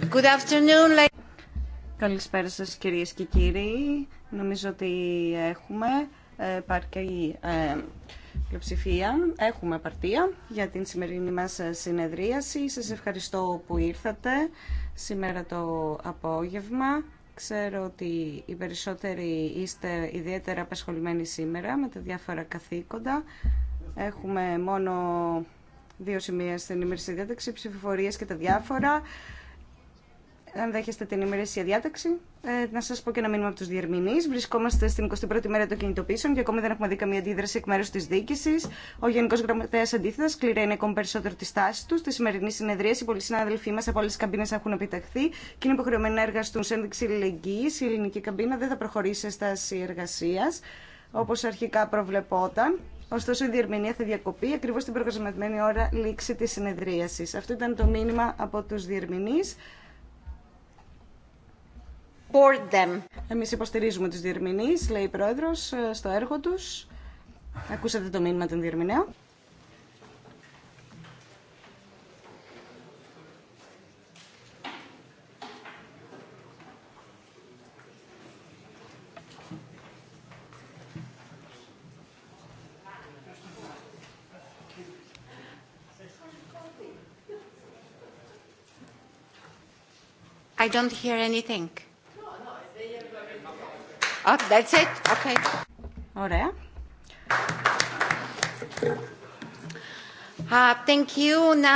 Good afternoon, Καλησπέρα σας κυρίες και κύριοι. Νομίζω ότι έχουμε ε, παρκή ε, πλειοψηφία. Έχουμε παρτία για την σημερινή μας συνεδρίαση. Σας ευχαριστώ που ήρθατε σήμερα το απόγευμα. Ξέρω ότι οι περισσότεροι είστε ιδιαίτερα απασχολημένοι σήμερα με τα διάφορα καθήκοντα. Έχουμε μόνο δύο σημεία στην ημερησία διάταξη, ψηφοφορίες και τα διάφορα αν δέχεστε την ημερήσια διάταξη, ε, να σα πω και ένα μήνυμα από του διερμηνεί. Βρισκόμαστε στην 21η μέρα των κινητοποιήσεων και ακόμα δεν έχουμε δει καμία αντίδραση εκ μέρου τη διοίκηση. Ο Γενικό Γραμματέα αντίθετα κληραίνει ακόμη περισσότερο τη στάση του. Στη σημερινή οι πολλοί συνάδελφοί μα από όλε τι καμπίνε έχουν επιταχθεί και είναι υποχρεωμένοι να εργαστούν σε ένδειξη λεγγύη. Η ελληνική καμπίνα δεν θα προχωρήσει σε στάση εργασία όπω αρχικά προβλεπόταν. Ωστόσο, η διερμηνία θα διακοπεί ακριβώ την προγραμματισμένη ώρα λήξη τη συνεδρίαση. Αυτό ήταν το μήνυμα από του διερμηνεί support them. Εμείς υποστηρίζουμε τους διερμηνείς, λέει η Πρόεδρος, στο έργο τους. Ακούσατε το μήνυμα των διερμηνέων. I don't hear anything. Oh, that's it. Okay. Ωραία. Uh, thank you.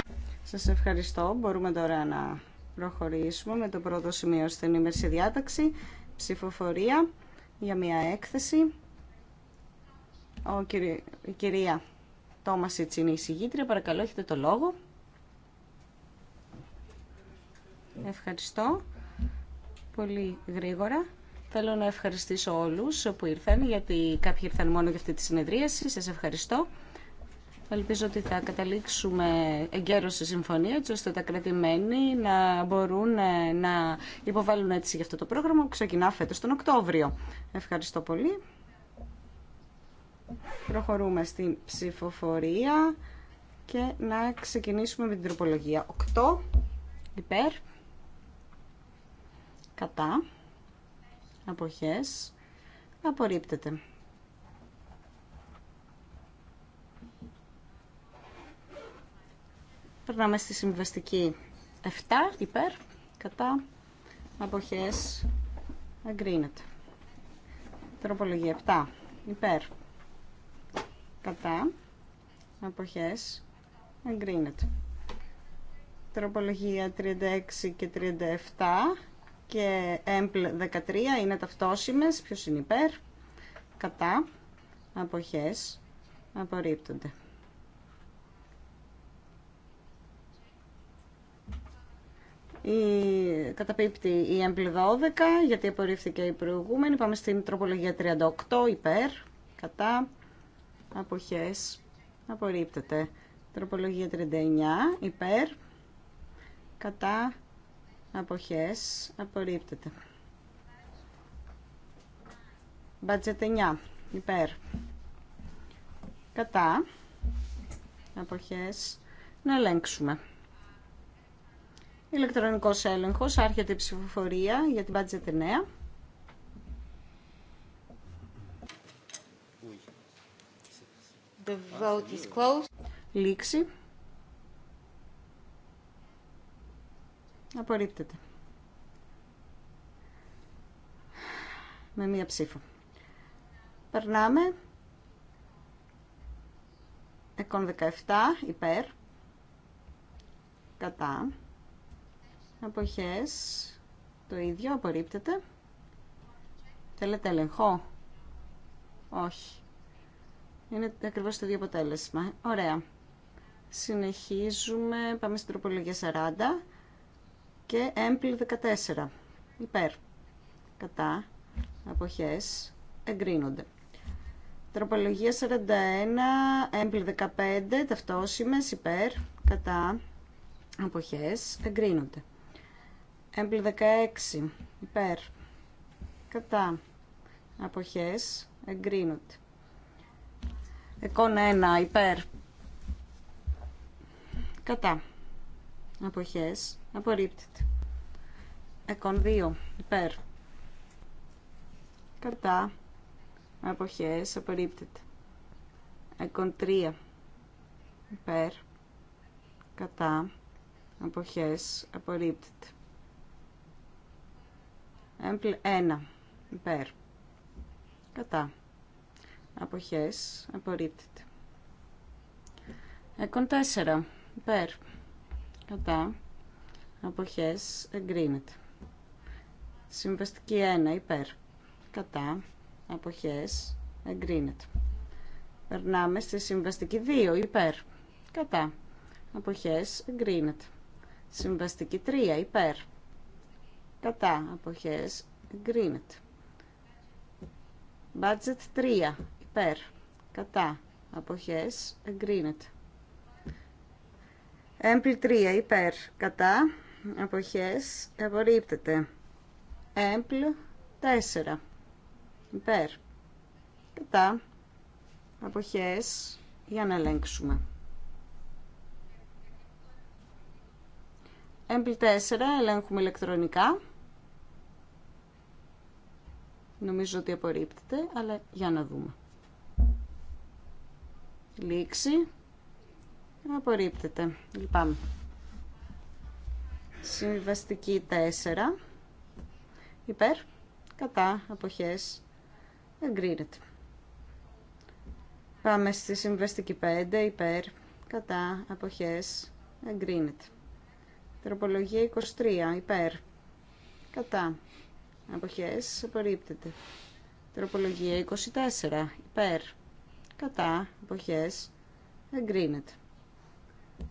Σας ευχαριστώ. Μπορούμε τώρα να προχωρήσουμε με το πρώτο σημείο στην ημέρση διάταξη. Ψηφοφορία για μια έκθεση. Ο, κυρία, η κυρία Τόμα είναι η συγγήτρια, παρακαλώ, έχετε το λόγο. Ευχαριστώ. Πολύ γρήγορα. Θέλω να ευχαριστήσω όλους που ήρθαν, γιατί κάποιοι ήρθαν μόνο για αυτή τη συνεδρίαση. Σας ευχαριστώ. Ελπίζω ότι θα καταλήξουμε εγκαίρω σε συμφωνία, έτσι ώστε τα κρατημένοι να μπορούν ε, να υποβάλουν έτσι για αυτό το πρόγραμμα που ξεκινά φέτο τον Οκτώβριο. Ευχαριστώ πολύ. Προχωρούμε στην ψηφοφορία και να ξεκινήσουμε με την τροπολογία 8 υπέρ κατά αποχές απορρίπτεται. Περνάμε στη συμβαστική 7 υπέρ κατά αποχές εγκρίνεται. Τροπολογία 7 υπέρ κατά αποχές εγκρίνεται. Τροπολογία 36 και 37 και έμπλ 13 είναι ταυτόσιμες. Ποιος είναι υπέρ, κατά, αποχές, απορρίπτονται. η, καταπίπτει η έμπλ 12 γιατί απορρίφθηκε η προηγούμενη. Πάμε στην τροπολογία 38 υπέρ, κατά, αποχές, Απορρίπτονται. Τροπολογία 39 υπέρ, κατά, αποχές απορρίπτεται. Μπάτζετ 9 υπέρ κατά αποχές να ελέγξουμε. Ηλεκτρονικός έλεγχος, άρχεται η ψηφοφορία για την budget 9. The vote is closed. Λήξη. Απορρίπτεται. Με μία ψήφο. Περνάμε. Εκόν 17 υπέρ. Κατά. Αποχές. Το ίδιο απορρίπτεται. Θέλετε έλεγχο. Όχι. Είναι ακριβώς το ίδιο αποτέλεσμα. Ωραία. Συνεχίζουμε. Πάμε στην τροπολογία 40 και έμπλη 14 υπέρ κατά αποχές εγκρίνονται. Τροπολογία 41, Έμπλη 15, ταυτόσιμες υπέρ κατά αποχές εγκρίνονται. Έμπλη 16 υπέρ κατά αποχές εγκρίνονται. Εκόν 1 υπέρ κατά αποχές Απορρίπτεται. Εκον 2. Υπέρ. Κατά. Αποχές. Απορρίπτεται. Εκον 3. Υπέρ. Κατά. Αποχές. Απορρίπτεται. Έμπλ 1. Υπέρ. Κατά. Αποχές. Απορρίπτεται. Εκον 4. Υπέρ. Κατά αποχές εγκρίνεται. Συμβαστική 1 υπέρ κατά αποχές εγκρίνεται. Περνάμε στη συμβαστική 2 υπέρ κατά αποχές εγκρίνεται. Συμβαστική 3 υπέρ κατά αποχές εγκρίνεται. Budget 3 υπέρ κατά αποχές εγκρίνεται. Έμπλη 3 υπέρ κατά αποχές απορρίπτεται. Έμπλ 4 υπέρ κατά αποχές για να ελέγξουμε. Έμπλ 4 ελέγχουμε ηλεκτρονικά. Νομίζω ότι απορρίπτεται, αλλά για να δούμε. Λήξη. Απορρίπτεται. Λυπάμαι. Συμβαστική 4. Υπέρ. Κατά. Αποχές. Εγκρίνεται. Πάμε στη συμβαστική 5. Υπέρ. Κατά. Αποχές. Εγκρίνεται. Τροπολογία 23. Υπέρ. Κατά. Αποχές. Απορρίπτεται. Τροπολογία 24. Υπέρ. Κατά. Αποχές. Εγκρίνεται.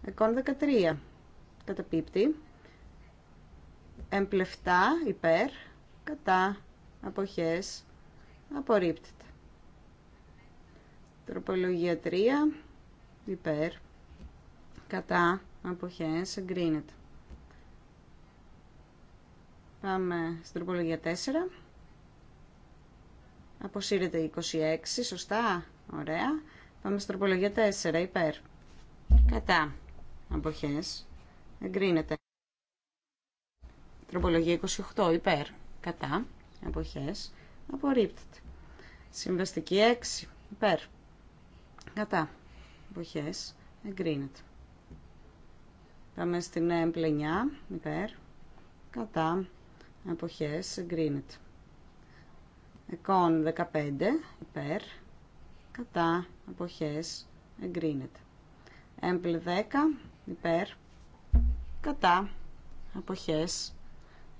Εκόν 13. Καταπίπτει εμπλεφτά υπέρ κατά αποχές απορρίπτεται. Τροπολογία 3 υπέρ κατά αποχές εγκρίνεται. Πάμε στην τροπολογία 4. Αποσύρεται 26, σωστά, ωραία. Πάμε στην τροπολογία 4, υπέρ. Κατά. Αποχές. Εγκρίνεται. Τροπολογία 28 υπέρ. Κατά. εποχές. Απορρίπτεται. Συμβαστική 6 υπέρ. Κατά. εποχές. Εγκρίνεται. Πάμε στην πλενιά, 9 υπέρ. Κατά. εποχές. Εγκρίνεται. Εκόν 15 υπέρ. Κατά. εποχές. Εγκρίνεται. Έμπλε 10 υπέρ. Κατά. Αποχές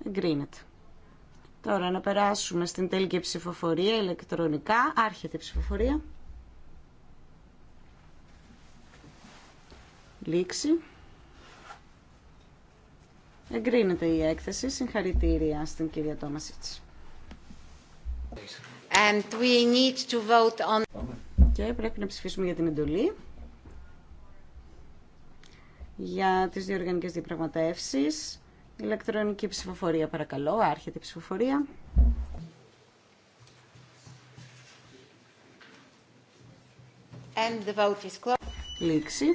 Εγκρίνεται. Τώρα να περάσουμε στην τελική ψηφοφορία ηλεκτρονικά. Άρχεται η ψηφοφορία. Λήξη. Εγκρίνεται η έκθεση. Συγχαρητήρια στην κυρία Τόμασιτς. And we need to vote on... Και πρέπει να ψηφίσουμε για την εντολή για τις διοργανικές διαπραγματεύσεις Ηλεκτρονική ψηφοφορία παρακαλώ, άρχεται η ψηφοφορία. And the vote is closed. Λήξη.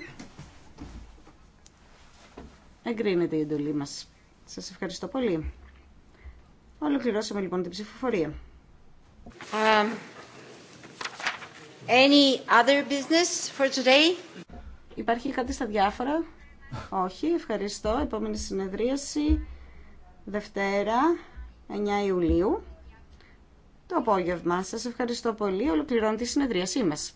Εγκρίνεται η εντολή μας. Σας ευχαριστώ πολύ. Ολοκληρώσαμε λοιπόν την ψηφοφορία. Um, any other business for today? Υπάρχει κάτι στα διάφορα. Όχι, ευχαριστώ. Επόμενη συνεδρίαση Δευτέρα, 9 Ιουλίου, το απόγευμα. Σας ευχαριστώ πολύ. Ολοκληρώνω τη συνεδρίασή μας.